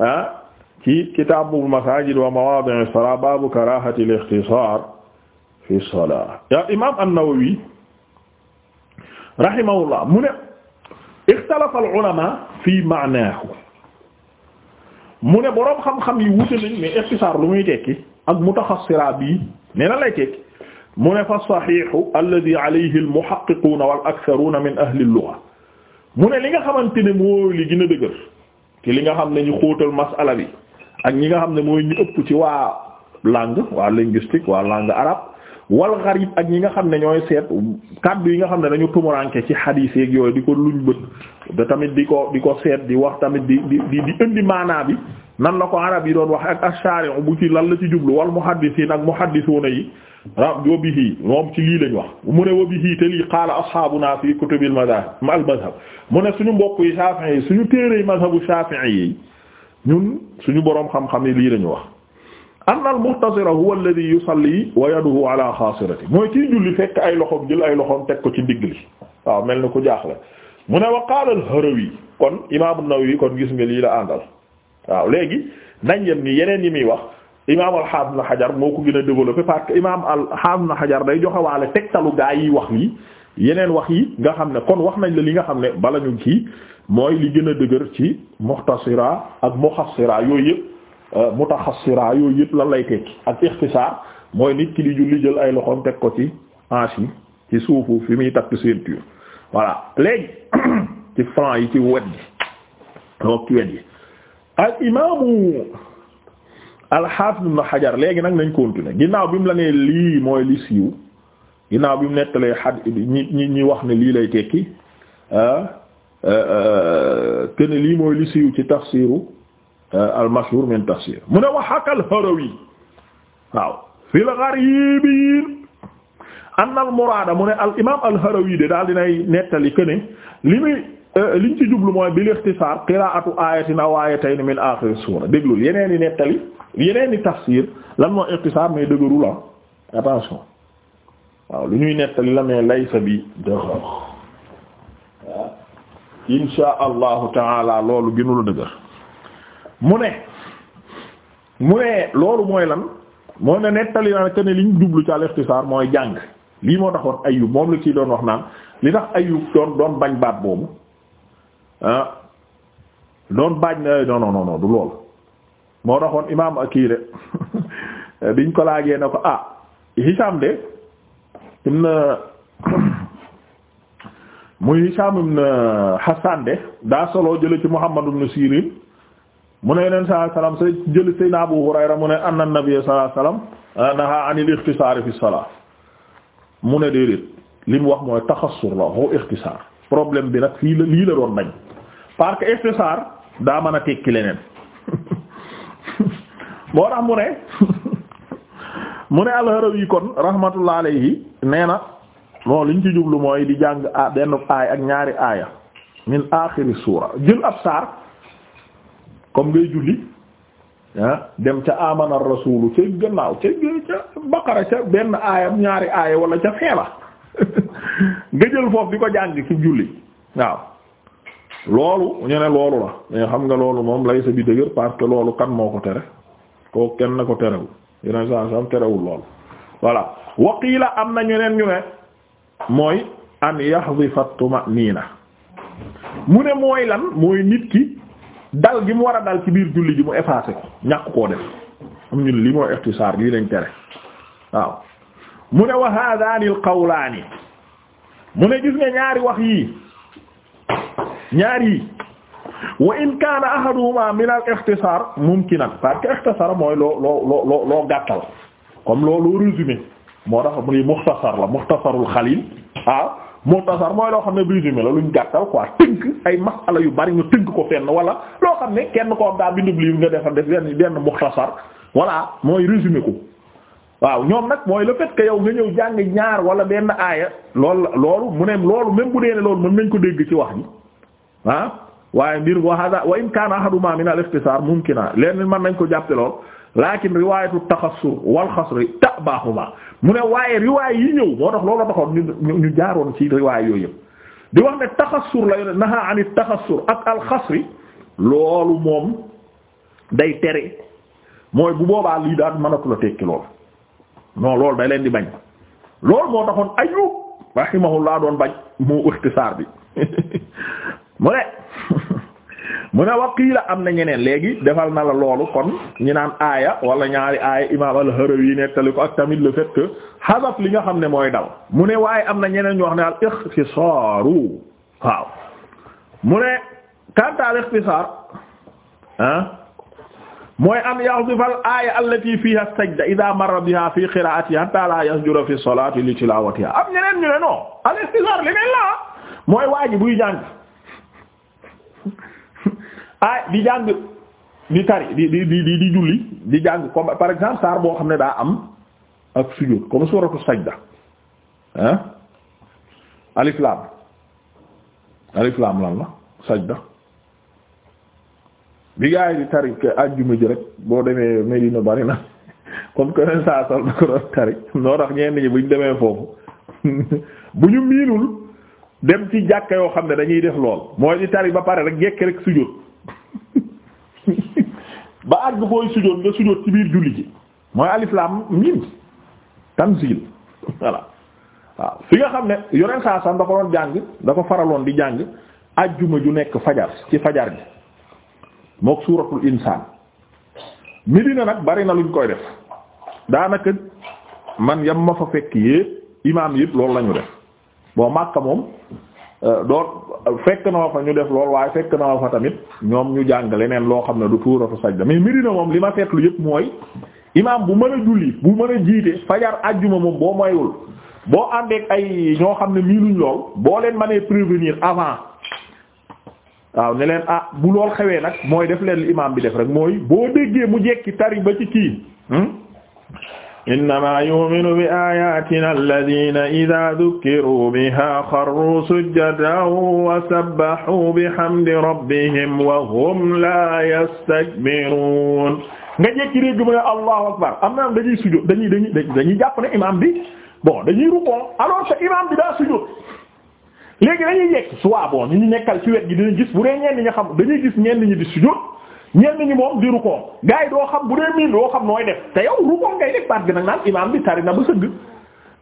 ah ci kitaabul masaajid wa mawaadi'is salaa baabu karaahatil ixtisaar fi salaa ya imaam an-Nawawi rahimahullah mu ne ixtalafa al-ulamaa fii ma'naahu mu ne boroom xam-xam yi wute nañ mais ixtisaar lu muy tekki ak mutaxassira bii nee na lay tekki mu ne fa saxiixu alladi alayhi al-muhaqqiquuna wal aktharuuna min ahli al-lugha mu ne li nga xamante ne mooy li gën a dëgër ci li nga xam ne ñu xóotal masala bi ak ñi nga xam ne mooy ñu ëpp ci waa langue waa linguistique waa langue arabe wal gharib ak ñi nga xam ne ñooy seet kàddu yi nga xam ne dañu tumuranke ci xadiis yeeg yooyu di ko luñ bët da tamit di ko di ko seet di wax tamit di di di indi maanaa bi nan la ko arab yi doon wax ak ashari bu ci lan la ci jublu wal muhaddisiin ak muhaddisuuna yi wa bihi moom ci lii lañ wax mu ne wa bihi te lii qaala ashaabuna fi kutubil madhab al madhab mu ne suñu mbokk yi Shafi'i yi suñu téere yi madhabu Shafi'i yi ñun suñu boroom xam-xam yi lii lañu wax anna al muhtasira huwa alladhi yusalli wa yaduhu ala mooy kiy julli fekk ay loxoom jël ay loxoom teg ko ci digg li waaw mel ni ku jaaxle mu ne wa qaala al Harawi kon imaam an-Nawawi kon gis nga lii la àndal waaw léegi nañ yem yeneen yi muy wax imaam al-Hafiz na Hajar moo ko gën a développé parce que imaam al-Hafiz na xajar day joxe waale tegtalu gaa yi wax yi yeneen wax yi nga xam ne kon wax nañ la li nga xam ne bala ñu kii mooy li gën a dëgër ci muxtasira ak muxassira yooyu yëpp euh, mutaxassira yooyu yëpp lan lay tekki ak ixtisaar mooy nit ki di julli jël ay loxoom teg ko ci hanche yi ci suufu fi muy takk ceinture voilà léegi ci franc yi ci wet gi donc ci wet gi al imaamu al-Hafiz Ibn Hajar léegi nag nañ continuer ginnaaw bi mu la nee lii mooy li siiw ginnaaw bi mu nettalee xad ñi ñi wax ne lii lay tekki te ah, ah, ah, lii mooy li siiw ci tafsiru al-mashhur min mu ne wax ak al-Harawi waaw fil gharibin anna al muraada mu ne al imaam al harawi de daal dinay nettali que li muy eh, liñ ci jublu mooy bil ixtisaar qiraatu ayatin aw ayatayn min aaxiri suura déglu yeneen i nettali yeneen tax tafsir lan moo iqtisaar mais dëgëru ah attention waaw lu ñuy nettali la mais laysa bi dëgër insha allahu taala loolu gënu dëgër mu ne mu ne loolu mooy lan moo ne nettali naa ne liñ jublu ci al iqtisaar mooy jàng lii moo taxoon ayub moom la ciy doon wax naan li tax ayub doon bañ baat boobu ah doon bañ na non non non du loolu moo taxoon imaam akii de biñ ko laajee na ko ah Hisham de ibn muy Hisham ibn Hassan de daa solo jële ci Muhammad ibn Sirin mu ne yeneen saa salaam sa jëli sayna Abu Hurayra mu ne anna nabiyyu sallallahu alayhi wasallam ah, naha anil ikhtisar fi salat mu ne déedéet li mu wax mooy taxassur la waxu ikhtisar problème bi nag fii la lii la doon bañ parce que daa mën a tekki leneen moo tax mu ne mu ne al-Harawi kon rahmatullah alayhi nee na moo liñ ci jublu mooy di jàng a benn aay ak ñaari aaya min aaxiri suura jël ab saar comme ngay julli dem ca amana rasulu ca gannaaw ca ca baqara ca benn aayam ñaari aaya walla ca feela nga jël foofu di ko jàng ci julli waaw loolu ñu ne loolu la mais xam nga loolu moom lay sa bi dëgër parce que loolu kan moo ko tere kooku kenn na ko terewu terewul yeneen saa sam terewul lool voilà waqiila am na ñeneen ñu ne mooy an nii na mu ne mooy lan mooy nit ki dal gi mu war a dal ci biir julli ji mu effacé ko ñàkk koo def am ñu li mooy ixtisaar lii lañ tere waaw mu ne wa hadani al qawlaani mu ne gis nga ñaari wax yii ñaar yi wa in kaana ahaduhuma min al ikhtisar mumkinan parce que ikhtisar mooy loo loo loo loo gàttal comme loo loo résumé moo tax mu ni mukhtasar la mukhtasarul xalil ah mukhtasar mooy loo xam ne résumé la luñ gàttal quoi tënk ay masala yu bari ñu tënk ko fenn wala loo xam ne kenn ko am daa bindub livre nga defal def benn benn mukhtasar voilà mooy résumé ko waaw ñoom nag mooy la fait que yow nga ñëw jàng ñaar wala benn aaya loolu loolu mu ne loolu même bu dee ne loolu mën nañ ko dégg ci wax ji ah. waaye mbir wa hada wa in kaana ahaduma min al-ikhtisaar mumkina leen mën nañ ko jàppe lool lakin riwaayatu taxassur wal xasri tabaahuma mu ne waaye riwaay yi ñëw moo tax loolu taxoon ñu jaaroon ci riwaay yooyu yëpp di wax ne taxassur la yor naha ani taxassur ak alxasri loolu moom day tere mooy bu boobaa lii daal mënatu la tekki lool non loolu day leen di bañ loolu moo taxoon Ayyub rahimahullah doon bañ mu ixtisaar bi mu ne mu ne waqiila am na ñeneen léegi defal na la loolu kon ñi naan aaya wala ñaari aaya imaam al-Harawi nettali ak tamit le fait que hadaf li nga xam ne mooy dal mu ne waaye am na ñeneen ñu wax ne al ixtisaaru waaw mu ne kanta al ixtisaar ah mooy an yahdifal aaya allati fiha sajda idha marra biha fi qira'atiha hatta la yasjuda fi salati li tilawatiha am ñeneen ñu ne non al ixtisaar li mel la mooy waaji jàng aay ah, di jàng di tari di di di di julli di jàng comme par exemple saar boo xam ne daa am ak sujjóot comme suuratu sajda ah alif laam alif laam lan la sajda bi gaa yi di tari ak àjjuma rek boo demee Medina bari na comme que ren saa sol da ko doon tari noo tax ñenn ñi buñ demee foofu bu ñu miinul dem ci jàkka yoo xam ne dañuy def lool mooy di tari ba pare rek jekk rek sujjóot ba àgg fooy sujjóot nga sujjóot ci biir julli ji mooy alif laam miim tanzil voilà waaw fi nga xam ne yoneen saa da ko doon jàng da ko faraloon di jàng ajjuma ju nekk fajar ci fajar ji mook suuratul insaan Medina nag bari na luñ koy def daanaka man yam ma fa fekk yépp imaam yépp loolu lañu def bon Makka moom euh, doon fekk na fa ñu def lool waaye fekk na fa tamit ñoom ñu jàng leneen loo xam ne du tuuratu sajda mais mirina moom li ma seetlu yëpp mooy imaam bu mën a julli bu mën a jiite fajar àjjuma moom boo moywul boo àndeek ay ñoo xam ne miinuñ lool boo leen mënee prévenir avant waaw ne leen ah bu lool xewee nag mooy def leen li imaam bi def rek mooy boo déggee mu jekki tari ba ci kii. Hmm? innama yuminu bi ayatina alladina ida dukkiruu biha xarruu sujjadan wa sabbahu bihamdi rabbihim wa hum la yastakbiruun nga jekki régg mu ne allahu akbar am na dañuy sujjóot dañuy dañuy dañuy jàpp ne imam bi bon dañuy rukkoo alors que imam bi daa sujjóot léegi dañuy yekk soit bon ñu ñu nekkal ci wet gi dinañ gis bu dee ñenn ñi nga xam dañuy gis ñenn ñi di sujjóot ñenn ñi di rukkoo gars yi bu dee miin doo nooy def te yow rukkoo ngay baat gi imaam bi tari na ba sëgg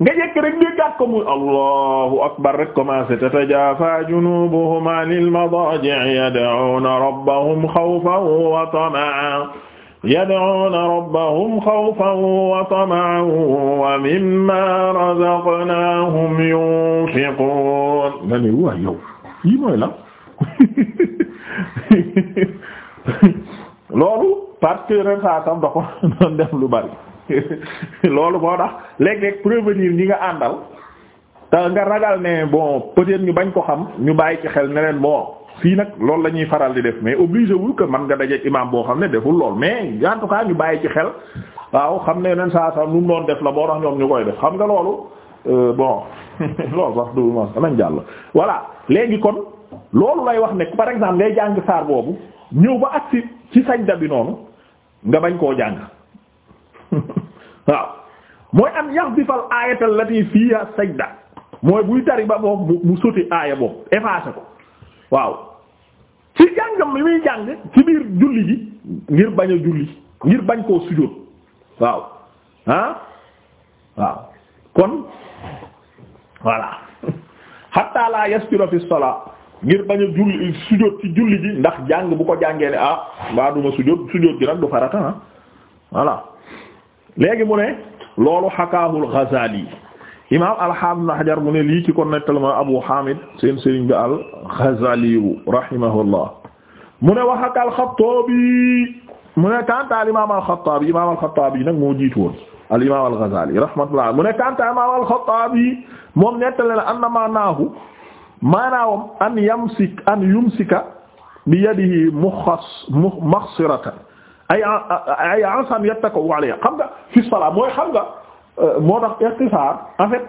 nga jekk rek déggaat ko muy allahu akbar rek commencé tatajafa junubuhum anil madaji'i yad'una rabbahum khawfan wa tama'an yad'una rabbahum khawfan wa yow yi mooy loolu parce que ren saa sam da ko doon def lu bari loolu moo tax léeg-léeg prévenir ñi nga àndal te nga ragal ne bon peut-être ñu bañ ko xam ñu bàyyi ci xel neneen leen fii nag loolu la ñuy faral di def mais obligé wul que man nga dajeeg imam boo xam ne deful lool mais en tout cas ñu bàyyi ci xel waaw xam ne ren saa sam nu mu doon def la boo tax ñoom ñu koy def xam nga loolu euh, bon loolu sax du ma danañ jàll. voilà léegi kon loolu lay wax ne par exemple ngay jàng saar boobu. ñëw ba agsi ci sajda bi noonu nga bañ koo jàng waaw mooy am yaxdifal aayata allati fiha sajda mooy buy tari ba boobu mu soti aaya boobu effacé ko waaw ci jàngam li muy jàng ci biir julli ji ngir bañ a julli ngir bañ koo sujjóot waaw ah waaw kon voilà hatta la yastura fi ngir bañ julli sujjóot ci julli ji ndax jàng bu ko jàngee ne ah mbaa duma sujjóot sujjóot ji nag du farata ah voilà léegi mu ne loolu xakaahul Ghazali imaam al-Hafiz Ibn Hajar mu ne lii ci ko nettal ma Abu Hamid seen bi al-Ghazali rahimahullah mu ne wa haka al-Khattabi mu ne kanta al-imaam al-Khattabi imaam al-Khattabi nag moo jiitu woon al-imaam al-Ghazali rahmatullah mu ne imaam al-Khattabi moom nettale maanaawam an yamsik an yumsika bi yadihi muxas maxsiratan ay ay asan yattakaw alayha xam nga fi salaa mooy xam nga euh, moo tax ikhtisaar en fait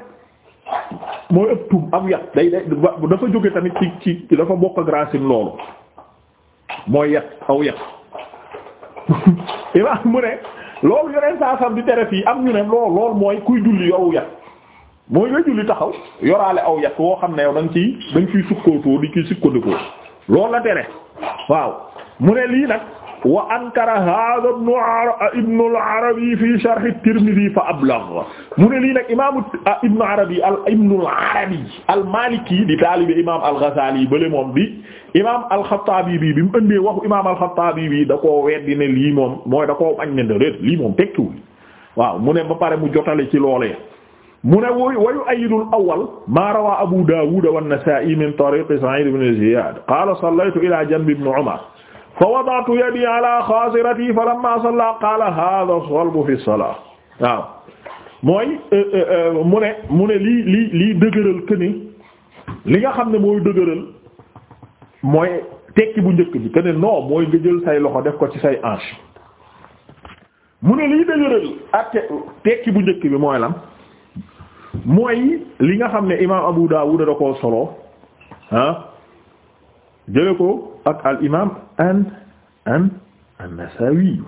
mooy ëpp tuum am yat day day dafa jóge tamit ci ci dafa bokk ak racine loolu mooy yat aw yat imaam mu ne loolu yoneen saa sam di tere fii am ñu ne loolu loolu mooy kuy julli yoru yat mooy nga julli taxaw yoraale aw yat woo xam ne yow da ci dañ da ciy sukkootoo di ciy sukkandikoo loolu la tere waaw mu ne lii nag wa ankara hada ibnu arabi fi sharh at fa ablagh mu ne lii nag imaamu ibnu arabi al ibnu al-arabi al-maliki di taalibe imaam al-ghazali bële moom bi imaam al-xattaabi bi bi mu ëndee waxu imaam al-xattaabi bi da koo weddi ne lii moom mooy da koo añ ne de lii moom tekkiwul waaw mu ne ba pare mu jotale ci loolee. mu ne wuy wayu ayidul awal maa rawaa abu daawud wa an-nasaa'i min tariqi sa'id ibn ziyad qaala sallaytu ila janbi ibn umar fa wada'tu yadi ala xaasirati falamma salla qaala haadha salbu fi salaa waaw mooy euh, euh, euh, mu ne mu ne lii lii lii dëgëral que ni li nga xam ne mooy dëgëral mooy tekki bu njëkk bi que ne non mooy nga jël say loxo def ko ci say hanche mu ne lii dëgëral ak tekki bu njëkk bi mooy lan. mooy li nga xam ne imaam Abu Dawud da koo solo ah jële ko ak al imaam an an an-Nasawi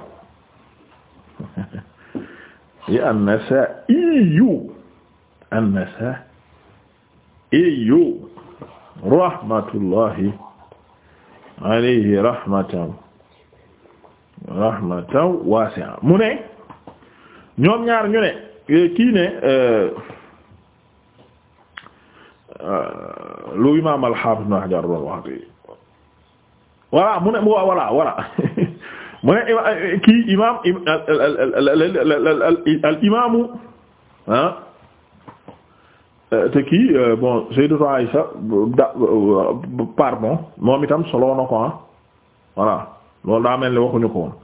ya an-Nasa'i an-Nasa'i rahmatullahi alayhi rahmatan rahmatan wasi'a mu ne ñoom ñaar ñu ne kii ne euh, Euh, lu imaam al-Hafiz Ibn Hajar doon wax tey voilà mu ne voilà voilà mu ne kii imaam al imaamu ah te kii euh, bon Sayyidatu Aïsha da pardon moom itam solo na ko ah voilà loolu daa mel ni waxuñu ko woon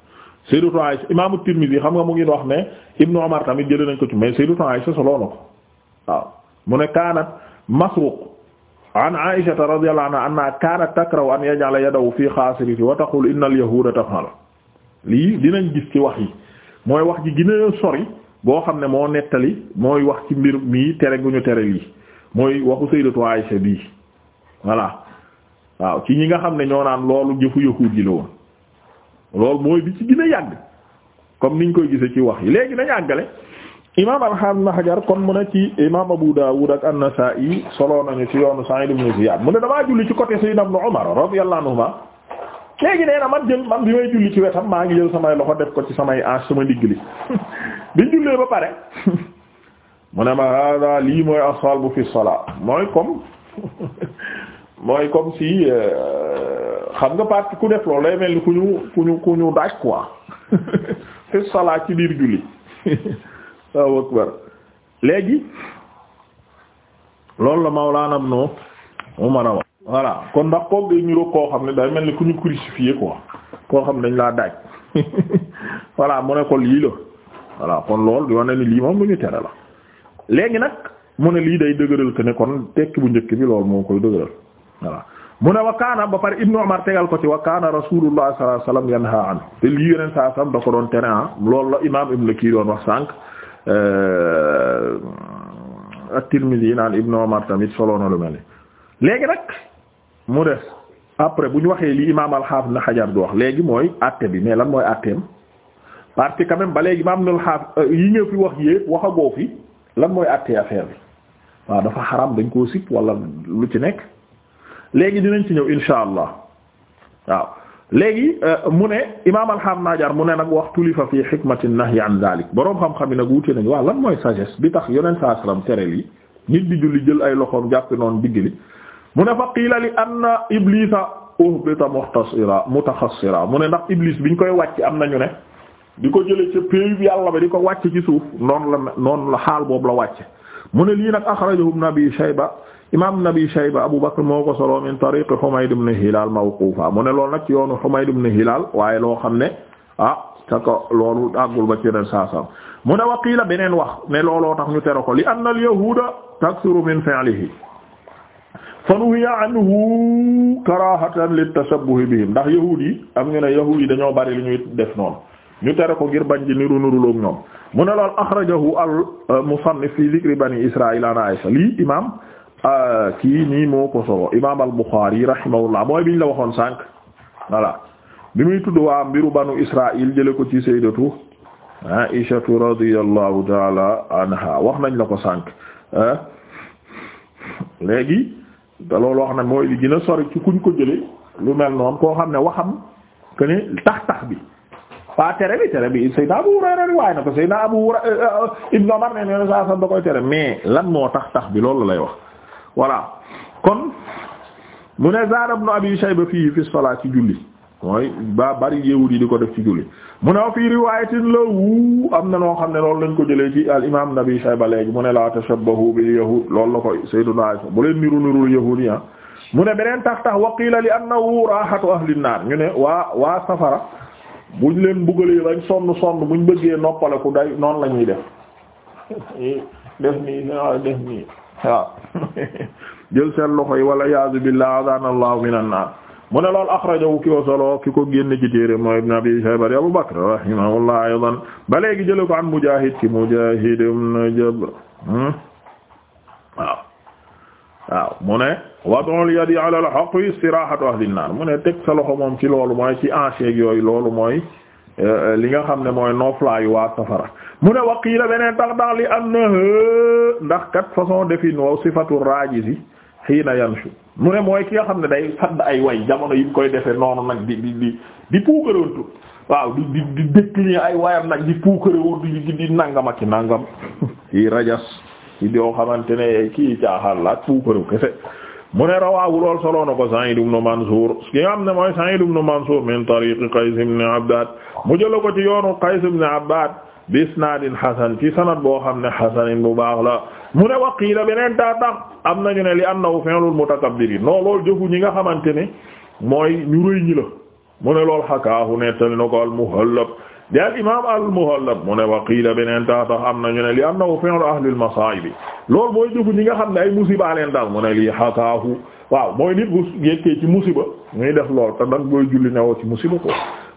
Sayyidatu Aïsha imaamu Tirmidhi xam nga mu ngi wax ne Ibnu Umar tamit jëlee nañ ko ci mais Sayyidatu Aïsha solo na ko waaw mu ne kaanat Masruq an Aisha radiyallahu anha anna kaanat takrahu an yaj'ala yadahu fi xaasirati wa taqulu inna al-yahuuda taf'alu lii dinañ gis ci wax yi mooy wax ji gina a sori boo xam ne moo nettali mooy wax ci mbir mii tere gu ñu tere lii mooy waxu sayyidatu Aisha bii voilà waaw ci ñi nga xam ne ñoo naan loolu jëfu yahuud yi la woon loolu mooy bi ci gën yàgg comme niñ koy gisee ci wax yi léegi nañ àggale imaam al-Haafiz Ibn Hajar kon mu ne ci imaam Abu Daawud ak an-Nasaa'i solo nañu ci yoonu Sa'iid ibn Ziyaad mu ne damaa julli ci côté Sayyidina Ibn Umar radiyallahu anhuma léegi nee na man jël man bi may julli ci wetam maa ngi jël samay loxo def ko ci samay ange sama ndigg li bi jullee ba pare mu ne ma hada lii mooy as fi salaa mooy comme mooy comme si euh, xam nga partie ku def loolu lay mel ni ku ñu ku ñu ku ñu daaj quoi fi salaa ci biir julli waaw akbar léegi loolu la Mawlana Ibnu Umar wa voilà kon ndax koog day niroog koo xam ne day mel ni ku ñu crucifié quoi koo xam ne dañ laa daaj voilà mu ne ko lii la voilà kon loolu yoo ne ni lii moom lu ñu tere la léegi nag mu ne lii day dëgëral que ne kon tekki bu njëkk bi loolu moo koy dëgëral voilà mu ne wa ba pare Ibnu Umar tegal ko ci wa kaana Rasulullah sallallahu alayhi wasallam an te lii yeneen saa sam da ko doon tere ah loolu la imaam Ibnu kii doon wax sànq Euh, at yi naan Ibn Umar tamit solo na lu mel ni léegi nag mu def après bu ñu waxee li imaam al na Hajar du wax léegi mooy àtte bi mais lan mooy àtteem parce que quand ba léegi imaam al-Hafiz euh, yi nga fi wax yépp waxagoo fi lan mooy àtte affaire bi waaw dafa xaram dañ koo sip wala lu ci nekk léegi dinañ ci ñëw insha allah waaw. léegi euh, mu ne imaam alxam naajar mu ne nag wax tulifa fi xikmati nahyi an dalik boroom xam-xam yi nag wute nañu waaw lan mooy sagesse bi tax yonent saa salaam tere yi nit di julli jël ay loxoom jàpp noonu digg li mu ne fa qiila li anna iblisa uhbita muxtasira mutaxassira mu ne ndax bi ñu koy wàcc am nañu ne di ko jële ca péeyub yàlla ba di ko wàcc ci suuf noonu la noonu la xaal boobu la wàcce mu ne lii nag axrajahu ibn abi shayba imam ibn abi shayba abu bakr moo ko solo min tariq humayd ibn hilal mawqufa mu ne loolu nag ci yoonu humayd ibn hilal waaye loo xam ne ah ca ko loolu àggul ba ci yeneen saasam mu ne waqiila beneen wax ne looloo tax ñu tere ko li anna al yahuda taksuru min fi'lihi fa nuhiya anhu karahatan li bi bihim ndax yahuud yi am ñu ne yahuud yi dañoo bari li ñuy def noonu ñu tere ko ngir bañ di niru niruloog ñoom mu ne loolu axrajahu al musannif fi dhikri bani israil an aisha Ah, kii nii moo ko solo imaam al Buxaari rahimahullah mooy biñ la waxoon sànq voilà bi muy tudd waa mbiru banu Israaïl jële ko ci sayyidatu Aishatu radiyallahu taala anha wax nañ la ko sànq ah. léegi te loolu wax na mooy li gën sori ci kuñ ko jële lu mel noonu koo xam ne waxam que ne tax tax bi waa tere bi tere bi Seydina Abu Hurayra riwaay na ko Seydina Abu Hurayra euh, euh, Ibn Umar ne ne saa sax da koy tere mais lan moo tax tax bi loolu lay wax. voilà kon mu ne zaada ibn abi shayba fii fi salaat ci julli mooy ba bari yahudi di ko def ci julli mu ne wa fii riwaayatin lawu am na noo xam ne loolu lañ ko jëlee ci al imam nabi shayba léegi mu ne la tashabbahu bil yahud loolu la koy sayyiduna Aisha bu leen niru nirul yahudi ah. mu ne beneen tax tax waqiila li annahu raahatu ahli naar ñu ne waa waa safara buñ leen buggalee bañ sonn sonn buñ bëggee noppale day noonu lañuy def def nii waaw jël seen loxo yi wala yaazu billah adana allah minan nar mu ne lool axrajahu ki ko solo ki ko génn ci téere mooy ibn abi shayba abu bakr rahimahullah aydan ba léegi jële ko an mujaahid ci mujaahid ibn jabr hmm? waaw waaw mu ne wad'ul yadi ala al-haqqi istirahatu ahli an-nar mu ne teg sa loxo moom ci loolu mooy ci ancheg yooyu loolu mooy Euh, li nga xam ne mooy nooflaayu waa safara mu ne waqiila beneen tax tax li am na ndax kat façon defi noo sifatu raajisi xiina yanshu mu ne mooy ki nga xam ne day fadd ay way jamono yi koy defee noonu nag di di di di puukarantu waaw di di di décliner ay wayam nag di puukarawut di di nangam ak i nangam ci rajas ci doo xamante ne kii caaxaan la ak puukaru kese mu ne rawaahu lool solo na ko Sa'id ibn Mansur ki nga xam ne mooy Sa'id ibn Mansur min tariqi Qays ibn Abbad mu jël ko ci yoonu Qays ibn Abbad bi isnaadin hasan ci sanad boo xam ne hasanin bu baax la mu ne wa qiila beneen taa tax am nañu ne li annahu fi'lul mutakabbirin non loolu jëfu ñi nga xamante ne mooy ñu rëy ñi la mu ne lool hakaahu nettali na ko al-Muhallab daal imaam al-Muhallab mu ne waqiila beneen tax am na ñu ne li annahu fi'lu ahlil masaa'ib loolu mooy jëfu ñi nga xam ne ay musiba leen daal mu ne lii mooy nit bu yekkee ci musiba muy def lool te nag booy julli newoo ci musiba ko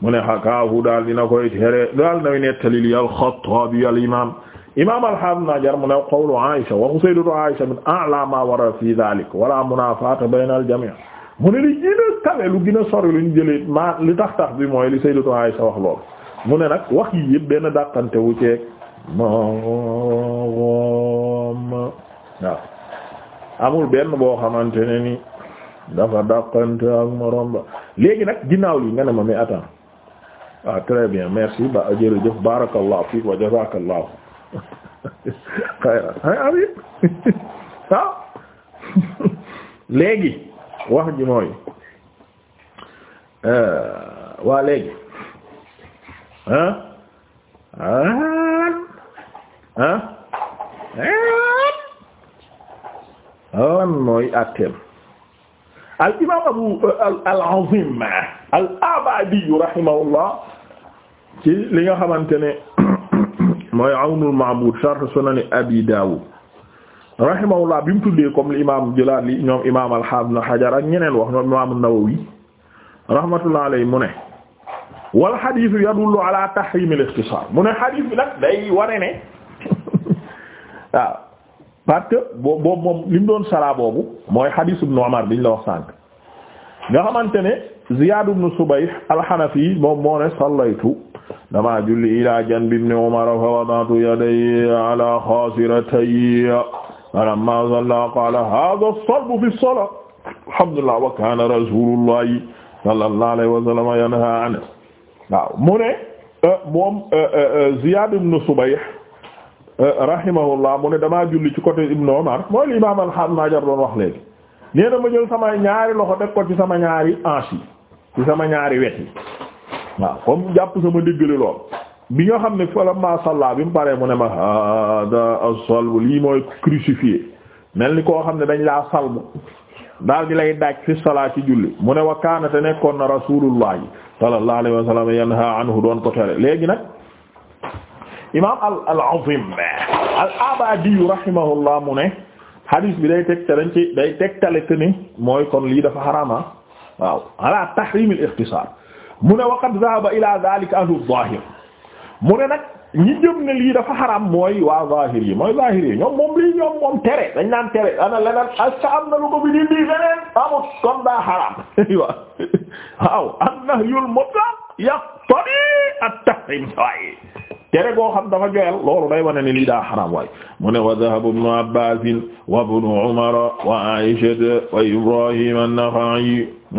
mu ne xakaahu daal dina koy tere na nettali li al-Xattaabi al imaam imaam al-Haafiz Hajar mu ne qawlu Aïsha waxu sayyidatu Aïsha min a'laa maa warada fii zaalika wa laa munaafaata bayna al-jamii' mu ne li gën a kawe lu gën a sori li tax tax bi mooy li sayyidatu Aïsha wax lool mu ne nag wax yi yëpp benn dàqante wu ceeg moom waaw amul benn boo xamante ne ni dafa dàqante ak morom ba léegi nag ginnaaw li nga ne ma mais attends ah très bien merci ba jërëjëf barakallahu fiik wa jazakallahu xayran ay amit waaw ah. léegi wax ji mooy euh, waa léegi ah ah lan mooy àtteem al imaam abu al al azim al abadi rahimahullah ci li nga xamante ne mooy awnul ma'bud sharh sunan abi dawud rahimahullah bi mu tuddee comme li imaam jëlaat li ñoom imaam al hafiz ak ñeneen wax ñoom imaam an-nawawi rahmatullah alayhi mu ne wal xadis yadullu ala tahrim al ixtisaar mu ne xadis bi nag day ware ne waaw parce que boobu moom li mu doon saraa boobu mooy xadis ibn Umar biñ la wax sànq nga xamante ne Ziyaad ibn Subayh al-Hanafi moom moo ne sallaytu dama julli ila janbi ibn Umar fa wada'tu yadayya ala xaasiratayya falamma salla qaala haadha as-salbu fi as-salaat alhamdulillah wa kaana rasuulullahi sallallahu alayhi wa sallam yanhaa anhu waaw mu ne euh, moom euh, euh, Ziyaad ibn Subayh rahimahullah mu ne damaa julli ci côté Ibn Omar mooy li Imaam al-Hajar doon wax léegi nee na ma jël sama ñaari loxo teg ko ci sama ñaari hanches yi ci sama ñaari wet yi waaw kom jàpp sama diggali lool bi nga xam ne falamma salla bi mu paree mu ne ma hada as-salb lii mooy crucifié mel ni koo xam ne dañ laa salbu daal di lay daaj fi salaa ci julli mu ne wa kaana te nekkoon na rasulullah sallallahu alayhi wa sallam yanha anhu doon ko tere léegi nag imam al al azim al abadi rahimahullah mu ne hadis bi day tegtale ci day tegtale que ni mooy kon lii dafa xarama ah. waaw ala tahrim al ikhtisar mu ne wa qad dhahaba ila dhalika ahlu dhahir mu ne nag ñi ne lii dafa xaram mooy waa zahir yi mooy zahir yi ñoom moom dañ naan tere ana leneen asta na lu ko bi di lii leneen amut kon daa xaram waaw an tere goo xam dafa joyal loolu ne lii daa xaram waaye mu ne wa dhahaba ibnu abbasin wa ibnu wa aisha wa ibrahim an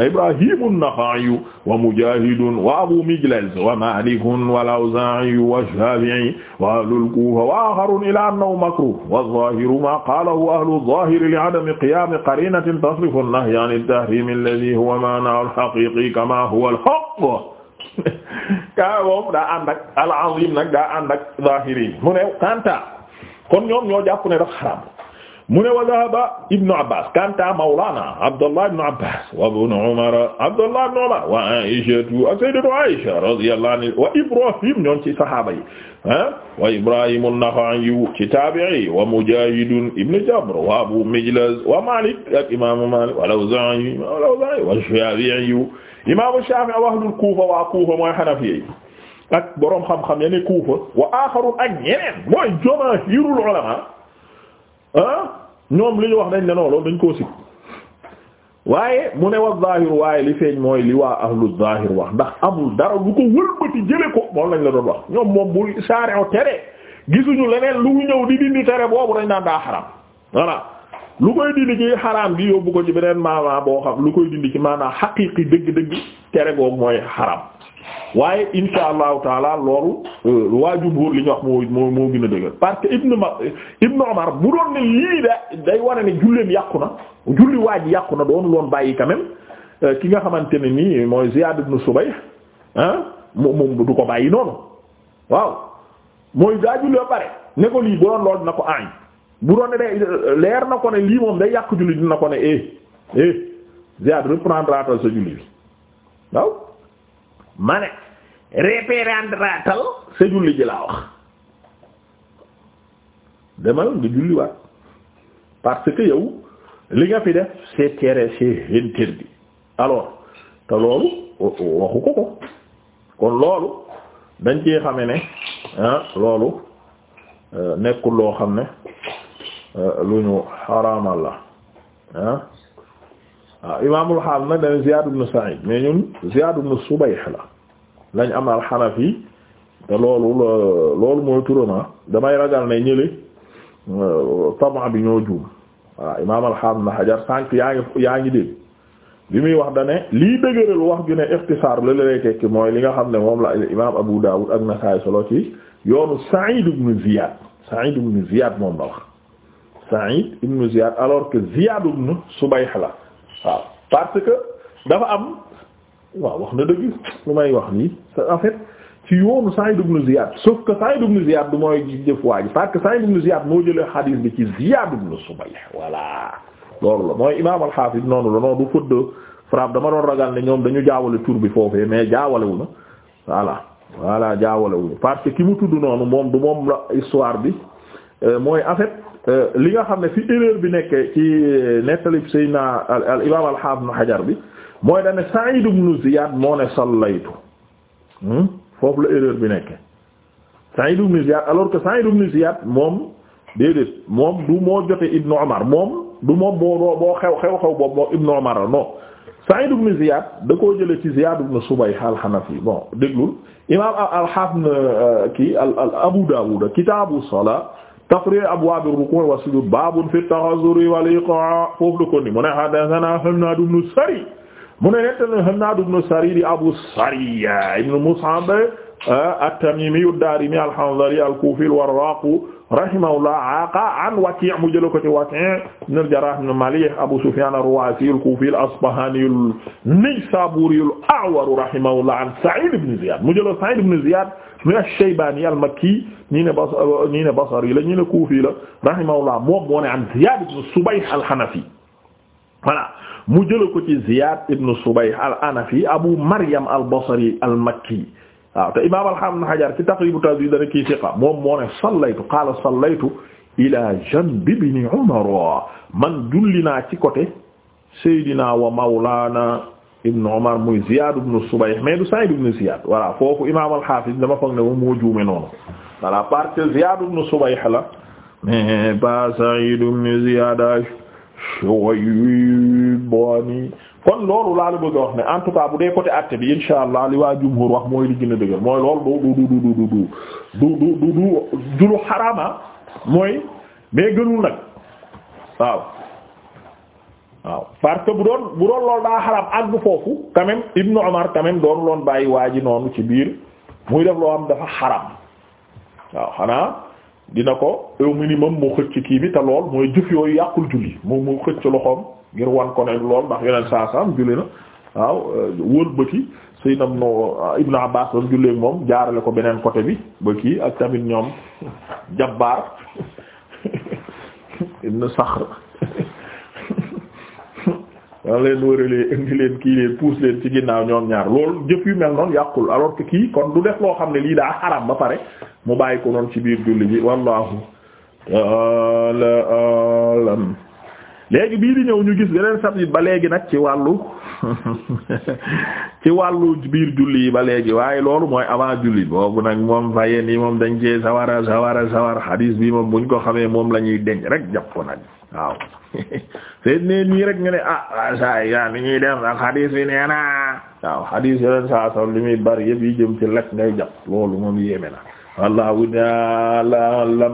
Ibraahiimu an-Naxa'i wa Mujaahidun wa Abu Mijlaz wa Maalikun wal Awzaa'i wa Shaafi'i wa ahlul Kuufa wa aaxarun ilaa annahu makruuh waz-zaahiru maa qaalahu ahlu az-zaahiri li-'adami qiyaami qariinatin tasrifu an-nahya 'ani at-tahriimi alladhii huwa maanahu al-haqiiqi kamaa huwa al-haqq kaa moom daa ànd ak al-'aziim nag daa ànd ak zaahiri mu ne kanta kon ñoom ñoo jàpp ne dafa xaraam mu ne wa dhahaba ibnu abbas kanta mawlana abdullah ibnu abbas wa ibnu umar abdullah ibnu umar wa aishatu ak sayyidatu aisha radiyallahu anha wa ibrahim ñoom ci sahaaba yi ah wa ibrahim an-nakha'i ci tabi'i wa mujahidun ibnu jabr wa abu mijlaz wa malik ak imamu malik wa lawza'i wa lawza'i wa shafi'i imamu shafi'i wa ahlul kufa wa kufa mooy hanafi ak boroom xam-xam yene kufa wa akharun ak ñeneen mooy jamaahirul ulama ah ñoom li ñu wax dañ ne non loolu dañ koo sib waaye mu ne wa zahir waaye li feeñ mooy li waa ahlu zahir wax ndax amul dara lu ko wëlbati jële ko moom lañ la doon wax ñoom moom bu saareo tere gisuñu leneen lu ñëw di dindi tere boobu dañ naan daa xaram voilà lu koy dindi ci xaraam bi yóbbu ko ci beneen maanaa boo xam lu koy dindi ci maanaa xaqiiqi dëgg-dëgg tere googu mooy xaram waaye insha allahu taala loolu euh, waaju jumhur li ñu wax moo moo moo gën a dëgër parce que ibnu ma ibnu Umar bu doon ne lii da day wane ne julleem yàqu na julli waa yàqu na doonu loon bàyyi quand euh, ki nga xamante ne nii mooy Ziyaad ibnu Subayh ah moom du ko bàyyi noonu waaw mooy daa julli ba pare ne ko lii bu doon lool dina ko añ bu doon ne day leer na ko ne lii moom day yàq julli dina ko ne eh eh Ziyaad reprendre sa julli bi waaw. mane ne répérandratal sa julli ji laa wax demal nga julliwaat parce que yow li nga fi def c'est tere c'est interdit alors te loolu waxu ko ko kon loolu dañ cee xame ne ah loolu euh, nekkul loo xam ne euh, lu ñu xaraamal la ah waaw imaamul xaal nag dañu Ziyaad ibn Sa'iid mais ñun Ziyaad ibn Subayh la lañ am al-Hanafi te loolu loolu mooy turam ah. damay ragal ne ñële euh, taban bi ñoo juum waaw imaamul xaal na Hajar sànq yaa ngi yaa ngi dégg bi muy wax da ne lii dëgëral wax ju ne ixtisaar la lay tekki mooy li nga xam ne moom la imaam Abu Daawud ak Nasaa'i solo ci yoonu Sa'iid ibn Ziyaad Sa'iid ibn Ziyaad moom la wax Sa'iid ibn Ziyaad alors que Ziyaad ibn Subayh la waaw parce que dafa am waaw wax na dëgg lu may wax nii en fait ci yoonu Sa'id ibn Ziyad sauf que Sa'id ibn Ziyad du mooy jëf waa parce que Sa'id ibn Ziyad moo jëlee xadiis bi ci Ziyad ibn Subayh voilà loolu la mooy imaam al noonu la noonu du fëdd frappe dama doon ragal ne ñoom dañu jaawale tour bi foofee mais jaawalewu na voilà voilà jaawalewu parce que ki mu tudd noonu moom du moom la histoire bi euh, mooy en Euh, li nga xam ne fi erreur bi nekkee ci euh, nettalib sayna al imaam al haafiz ibn bi mooy dane Sa'id ibn Ziyad moo ne sallaytu hmm? foofu la erreur bi nekkee Sa'id ibn Ziyad alors que Sa'id ibn Ziyad moom déedéet moom du moo jote Ibn Umar moom du moom boo xew xew xew boobu moom Ibn Umar la non Sa'id da koo jëlee ci Ziyad ibn Subayh al-Hanafi bon déglul imaam al-Haafiz euh, kii al Abu Dawud kitaabu salaat tafri abwaab ar-rukuu' wa sujuud baabun fi at-taghassul wal iqaa' foofu la ko ni mu ne haddathanaa Hammaad ibn Sari mu ne nettali Hammaad ibn Sari di Abu Sari ibn Mus'ab Ah, at-Tamimi ad-Darimi al-Hanzali al-Kufi al-Warraq rahimahullah aqa an Waki' mu jëla ko ci Waki' ibn al-Jarrah ibn Malih Abu Sufyan ar-Ru'asi al-Kufi al-Asbahani an-Naysaburi al-A'war rahimahullah an Sa'id ibn Ziyad mu jëla Sa'id ibn Ziyad mu ash-Shaybani al-Makki ñi ne Basri ñi ne Basri la ñi ne Kufi la rahimahullah moom moo ne an Ziyad ibn Subayh al-Hanafi voilà mu jëla ko ci Ziyad ibn Subayh al-Hanafi Abu Maryam al-Basri al-Makki waaw te imaam al-Hafiz Ibn Hajar ci Taqrib at-Tahdhib dana kii siqa moom moo ne sallaytu qaala sallaytu ila janbi ibn Umar man julli naa ci côté Seydina wa Mawlana Ibn Umar muy Ziyad ibn Subayh mais du Sa'id ibn Ziyad voilà foofu imaam al-Hafiz dama foog ne moom moo juume noonu voilà parce que Ziyad ibn Subayh la mais pas Sa'id ibn Ziyad Shuwaybani kon loolu laa la bëgg a wax ne en tout cas bu dee côté acte bi insha allah li waa jumhur wax mooy li gën a dëgër mooy loolu du du du du du du du du du mooy mais gënul nag waaw. parce que bu doon bu doon loolu daa xaraam àgg foofu quand Ibnu Umar quand même loon bàyyi waa ji noonu ci biir muy def loo am dafa xaraam waaw xanaa dina ko au minimum mu xëcc kii bi te lool mooy jëf yooyu yàqul julli moom mu xëcc loxoom. ngir wan ko ne lool ndax yeneen saa saam julli na waaw wëlbati Seydina Ibn Abbas doon jullee ak moom jaarale ko beneen côté bi ba kii ak tamit ñoom Jabbaar ibn Saxr wan leen wëralee indi kii leen puus leen ci ginnaaw ñoom ñaar loolu jëf yu mel noonu yàqul alors que kii kon du def loo xam ne lii daa xaram ba pare mu bàyyi ko noonu ci biir julli ji wallahu ta'ala léegi bii di ñëw ñu gis beneen sabit ba léegi nag ci wàllu ci wàllu biir julli yi ba léegi waaye loolu mooy avant julli boobu nag moom fayeen yi moom dañ cee sawar sawara sawar xadiis bi moom buñ ko xamee moom la ñuy denc rek jàpp ko nag waaw seet ne nii rek nga ne ah saa yaa ni ñuy dem ak xadiis bi nee na waaw xadiis yeneen saa sax li muy bari yëpp yi jëm ci lekk ngay jàpp loolu moom yéeme na wallahu ta'ala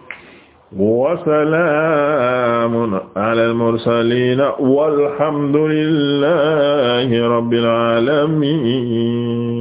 wasalaamun alal mursaliina walhamdulillahi rabbil aalamiin